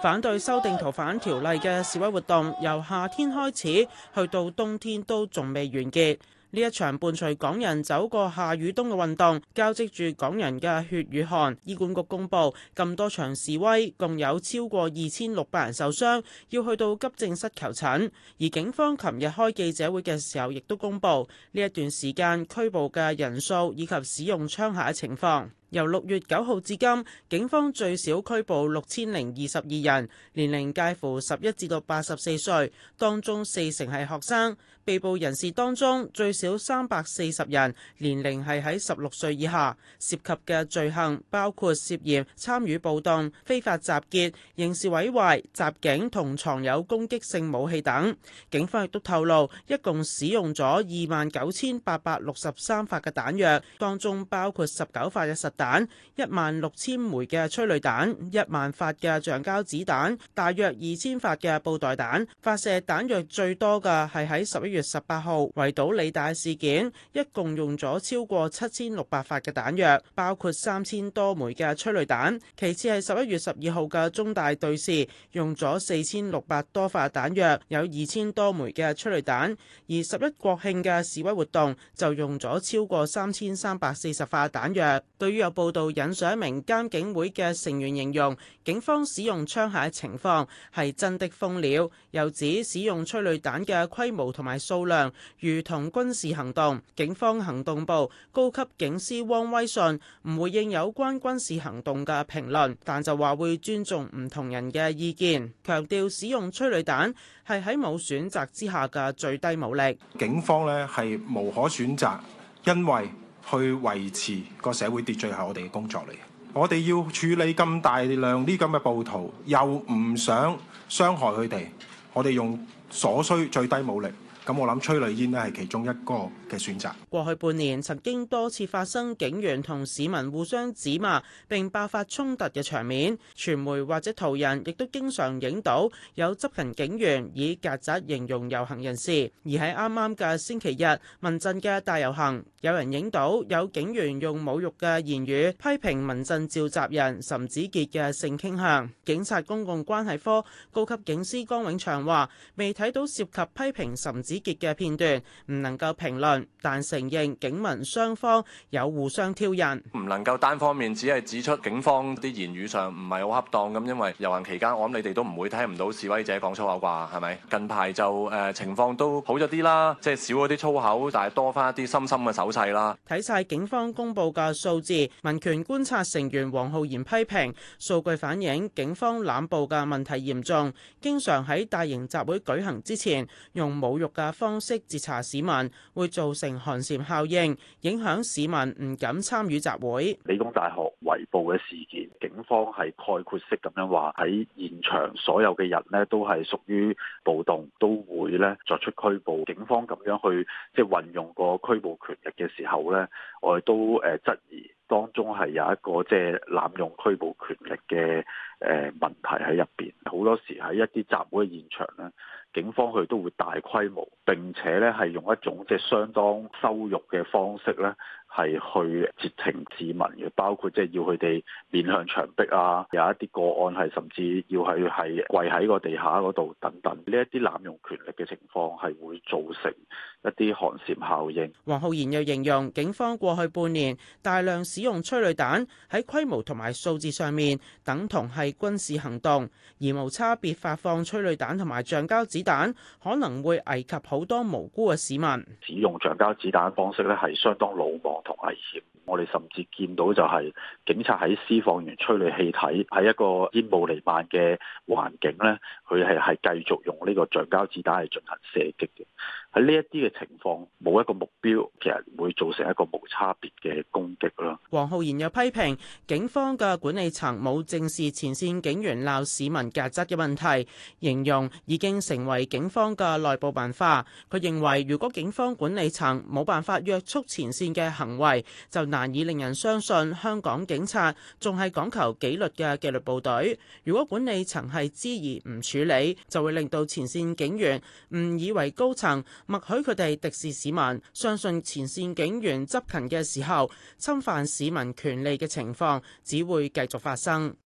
反對修訂逃犯條例嘅示威活動，由夏天開始去到冬天都仲未完結。呢一場伴隨港人走過夏與冬嘅運動，交織住港人嘅血與汗。醫管局公佈咁多場示威，共有超過二千六百人受傷，要去到急症室求診。而警方琴日開記者會嘅時候，亦都公佈呢一段時間拘捕嘅人數以及使用槍械嘅情況。由六月九號至今，警方最少拘捕六千零二十二人，年齡介乎十一至到八十四歲，當中四成係學生。被捕人士當中最少三百四十人，年齡係喺十六歲以下。涉及嘅罪行包括涉嫌參與暴動、非法集結、刑事毀壞、襲警同藏有攻擊性武器等。警方亦都透露，一共使用咗二萬九千八百六十三發嘅彈藥，當中包括十九發嘅實彈一萬六千枚嘅催淚彈，一萬發嘅橡膠子彈，大約二千發嘅布袋彈。發射彈藥最多嘅係喺十一月十八號圍堵理大事件，一共用咗超過七千六百發嘅彈藥，包括三千多枚嘅催淚彈。其次係十一月十二號嘅中大對峙，用咗四千六百多發嘅彈藥，有二千多枚嘅催淚彈。而十一國慶嘅示威活動就用咗超過三千三百四十發彈藥，對於。報道引述一名監警會嘅成員形容警方使用槍械情況係真的瘋了，又指使用催淚彈嘅規模同埋數量如同軍事行動。警方行動部高級警司汪威信唔回應有關軍事行動嘅評論，但就話會尊重唔同人嘅意見，強調使用催淚彈係喺冇選擇之下嘅最低武力。警方呢，係無可選擇，因為。去維持個社會秩序係我哋嘅工作嚟，我哋要處理咁大量呢咁嘅暴徒，又唔想傷害佢哋，我哋用所需最低武力，咁我諗催淚煙呢係其中一個嘅選擇，過去半年曾經多次發生警員同市民互相指罵並爆發衝突嘅場面，傳媒或者途人亦都經常影到有執行警員以曱甴形容遊行人士，而喺啱啱嘅星期日民陣嘅大遊行，有人影到有警員用侮辱嘅言語批評民陣召集人岑子傑嘅性傾向。警察公共關係科高級警司江永祥話：未睇到涉及批評岑子傑嘅片段，唔能夠評論。但承認警民雙方有互相挑釁，唔能夠單方面只係指出警方啲言語上唔係好恰當咁，因為遊行期間我諗你哋都唔會聽唔到示威者講粗口啩，係咪？近排就誒、呃、情況都好咗啲啦，即、就、係、是、少咗啲粗口，但係多返一啲心心嘅手勢啦。睇晒警方公布嘅數字，民權觀察成員黃浩然批評數據反映警方濫捕嘅問題嚴重，經常喺大型集會舉行之前用侮辱嘅方式截查市民，會做。造成寒蟬效應，影響市民唔敢參與集會。理工大學圍捕嘅事件，警方係概括式咁樣話，喺現場所有嘅人呢，都係屬於暴動，都會咧作出拘捕。警方咁樣去即係運用個拘捕權力嘅時候咧，我哋都誒質疑。當中係有一個即係濫用拘捕權力嘅誒問題喺入邊，好多時喺一啲集會現場咧，警方佢都會大規模，並且咧係用一種即係相當羞辱嘅方式咧。係去截停市民嘅，包括即係要佢哋面向牆壁啊，有一啲個案係甚至要去係跪喺個地下嗰度等等，呢一啲濫用權力嘅情況係會造成一啲寒蟬效應。黃浩然又形容警方過去半年大量使用催淚彈喺規模同埋數字上面等同係軍事行動，而無差別發放催淚彈同埋橡膠子彈可能會危及好多無辜嘅市民。使用橡膠子彈方式呢係相當魯莽，同危險，我哋甚至見到就係警察喺施放完催淚氣體，喺一個煙霧瀰漫嘅環境呢，佢係係繼續用呢個橡膠子彈嚟進行射擊嘅。喺呢一啲嘅情況，冇一個目標，其實會造成一個無差別嘅攻擊啦。黃浩然又批評警方嘅管理層冇正視前線警員鬧市民格質嘅問題，形容已經成為警方嘅內部文化。佢認為如果警方管理層冇辦法約束前線嘅行為，就難以令人相信香港警察仲係講求紀律嘅紀律部隊，如果管理層係知而唔處理，就會令到前線警員誤以為高層，默許佢哋敵視市民，相信前線警員執勤嘅時候，侵犯市民權利嘅情況，只會繼續發生。